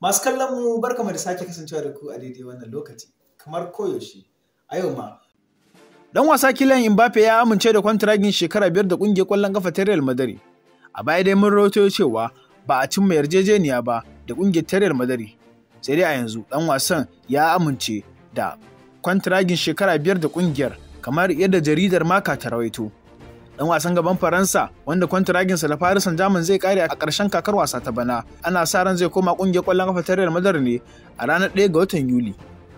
Masu kallon mu kama da sake kasancewa da ku a daidai wannan lokaci, kamar koyaushe, a ma. Dan wasa kilan Mbappe ya amince da kwantiragin shekara biyar da kungiyar kwallon kafa ta Real Madrid. A baya dai mun rawaito cewa ba a cimma yarjejeniya ba da kungiyar ta Real Madrid. Sai dai a yanzu dan wasan ya amince da kwantiragin shekara biyar da kungiyar kamar yadda jaridar Maka ta rawaito. dan wasan gaban faransa wanda kwantiraginsa da paris saint germain zai kare a ƙarshen kakar wasa ta bana ana sa ran zai koma ƙungiyar ƙwallon kafa ta real madrid ne a ranar 1 ga watan yuli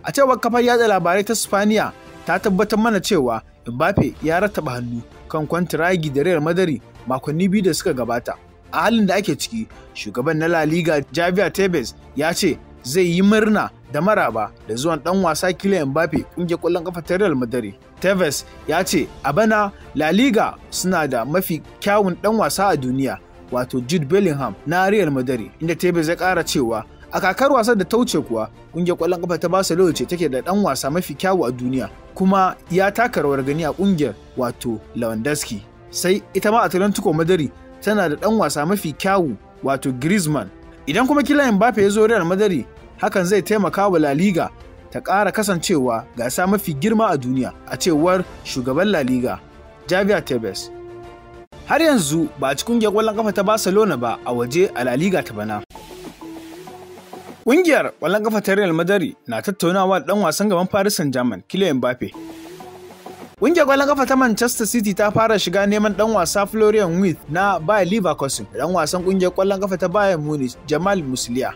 a cewar kafar yatsa labarai ta spaniya ta tabbatar mana cewa mbappe ya rattaba hannu kan kwantiragi da real madrid makonni biyu da suka gabata a halin da ake ciki shugaban na la liga javier tebes ya ce zai yi murna da maraba da zuwan dan wasa Kylian Mbappe kungiyar kwallon kafa ta Real Madrid. Tevez ya ce a bana La Liga suna da mafi kyawun dan wasa a duniya wato Jude Bellingham na Real Madrid inda Tevez ya kara cewa a kakar wasa da ta wuce kuwa kungiyar kwallon kafa ta Barcelona ce take da dan wasa mafi kyawu a duniya kuma ya taka rawar gani a kungiyar wato Lewandowski sai ita ma Atletico Madrid tana da dan wasa mafi kyawu wato Griezmann idan kuma Kylian Mbappe ya zo Real Madrid hakan zai taimaka wa La Liga ta ƙara kasancewa gasa mafi girma a duniya a cewar shugaban La Liga, Javier Tebes. Har yanzu ba a ci ƙwallon kafa ta Barcelona ba a waje a La Liga ta bana. Ƙungiyar ƙwallon ƙafa ta Real Madrid na tattaunawa da ɗan wasan gaban Paris Saint-Germain, Kylian Mbappe. Ƙungiyar ƙwallon kafa ta Manchester City ta fara shiga neman ɗan wasa Florian Wirth na Bayer Leverkusen da ɗan wasan ƙungiyar ƙwallon ƙafa ta Bayern Munich, Jamal Musiala.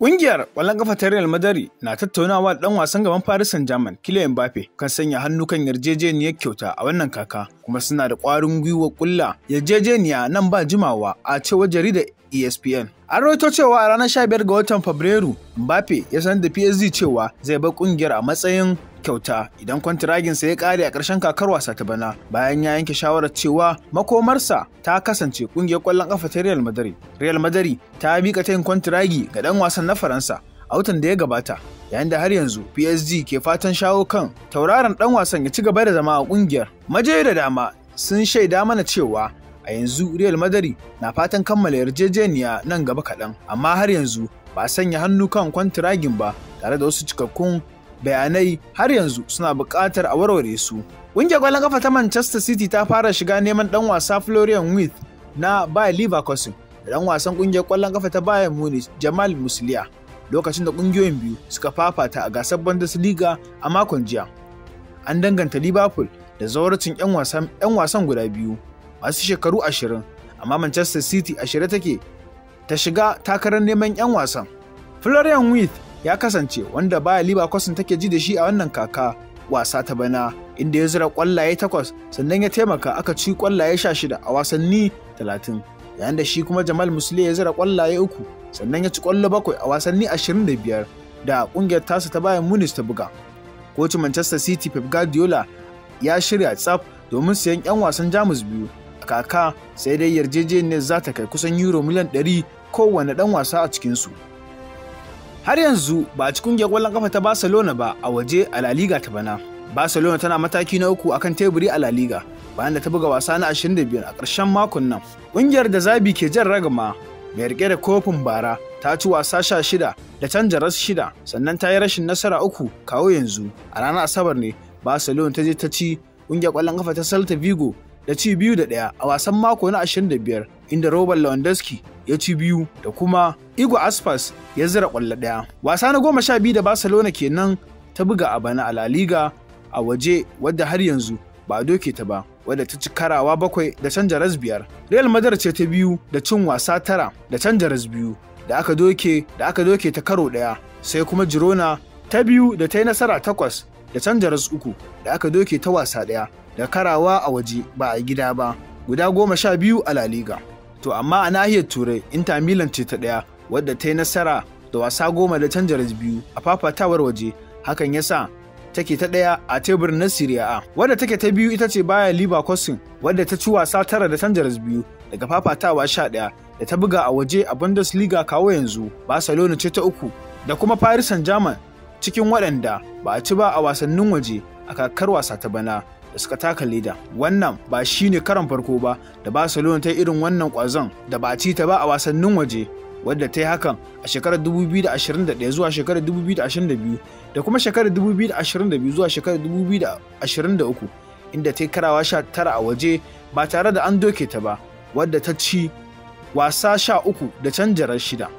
Ƙungiyar ƙwallon ƙafa ta Real Madrid, na tattaunawa da ɗan wasan gaban Paris Saint-Germain, Kylian Mbappe, kan sanya hannu kan yarjejeniyar kyauta a wannan kaka, kuma suna da ƙwarin gwiwa ƙulla yarjejeniya nan ba jimawa a cewar jaridar ESPN. An rawaito cewa a ranar 15 ga watan Fabrairu, Mbappe ya sanar da PSG cewa zai bar ƙungiyar a matsayin kyauta idan kwantiraginsa ya kare a ƙarshen kakar wasa ta bana bayan ya yanke shawarar cewa makomarsa ta kasance ƙungiyar ƙwallon ƙafa ta Real Madrid. Real Madrid ta miƙa tayin kwantiragi ga ɗan wasan na Faransa a watan da ya gabata yayin da har yanzu PSG ke fatan shawo kan tauraron ɗan wasan ya ci gaba da zama a ƙungiyar. Maje da dama sun shaida mana cewa a yanzu Real Madrid na fatan kammala yarjejeniya nan gaba kaɗan amma har yanzu ba sanya hannu kan kwantiragin ba tare da wasu cikakkun bayanai har yanzu suna buƙatar a warware su. Ƙungiyar ƙwallon kafa ta Manchester City ta fara shiga neman ɗan wasa Florian Wirth na Bayer Leverkusen da ɗan wasan ƙungiyar ƙwallon kafa ta Bayern Munich Jamal Muslia lokacin da ƙungiyoyin biyu suka fafata a gasar Bundesliga a makon jiya. An danganta Liverpool da zawarcin 'yan wasan wasan guda biyu masu shekaru ashirin amma Manchester City a shirye take ta shiga takarar neman 'yan wasan. Florian Wirth ya kasance wanda baya Liba Leverkusen take ji da shi a wannan kaka wasa ta bana inda ya zira kwallaye takwas sannan ya taimaka aka ci kwallaye sha shida a wasanni talatin yayin da shi kuma Jamal Musle ya zira kwallaye uku sannan ya ci kwallo bakwai a wasanni ashirin da biyar da kungiyar tasa ta bayan Munis ta buga. Kocin Manchester City Pep Guardiola ya shirya tsaf domin sayan 'yan wasan Jamus biyu a kaka sai dai yarjejeniyar za ta kai kusan euro miliyan ɗari kowane ɗan wasa a cikinsu. har yanzu ba a ci kungiyar ƙwallon kafa ta barcelona ba a waje a la liga ta bana barcelona tana mataki na uku akan teburi a la liga bayan da ta buga wasa na 25 a ƙarshen makon nan Ƙungiyar da zabi ke jan ragama mai rike da kofin bara ta ci wasa sha shida da canja rasu shida sannan ta yi rashin nasara uku kawo yanzu a ranar asabar ne barcelona ta je ta ci ƙungiyar ƙwallon kafa ta celta vigo da ci biyu da ɗaya a wasan mako na ashirin da biyar, inda Robert Lewandowski ya ci biyu da kuma Igo Aspas ya zira ƙwallo ɗaya. Wasa na goma sha biyu da Barcelona nan ta buga a bana a La Liga a waje wadda har yanzu ba a doke ta ba wadda ta ci karawa bakwai da canja ras biyar. Real Madrid ce ta biyu da cin wasa tara da canja ras biyu da aka doke da aka doke ta karo ɗaya sai kuma Girona ta biyu da ta yi nasara takwas da canja ras uku da aka doke ta wasa ɗaya da karawa a waje ba a gida ba guda goma sha biyu a laliga. To amma a nahiyar Turai Inter Milan ce ta ɗaya wadda ta yi nasara da wasa goma da canja biyu a fafatawar waje hakan yasa take ta ɗaya a tebur na Serie A wadda take ta biyu ita ce baya Leverkusen wadda ta ci wasa tara da canja biyu daga fafatawa sha ɗaya da ta buga a waje a Bundesliga kawo yanzu Barcelona ce ta uku da kuma Paris Saint-Germain cikin waɗanda ba a ci ba a wasannin waje a kakar wasa ta bana da suka taka leda wannan ba shine karan farko ba da barcelona ta irin wannan kwazon da ba ci ta ba a wasannin waje wadda ta yi hakan a shekarar 2021 zuwa shekarar 2022 da kuma shekarar 2022 zuwa shekarar 2023 inda ta yi karawa 19 a waje ba tare da an doke ta ba wadda ta ci wasa 13 da canjarar shida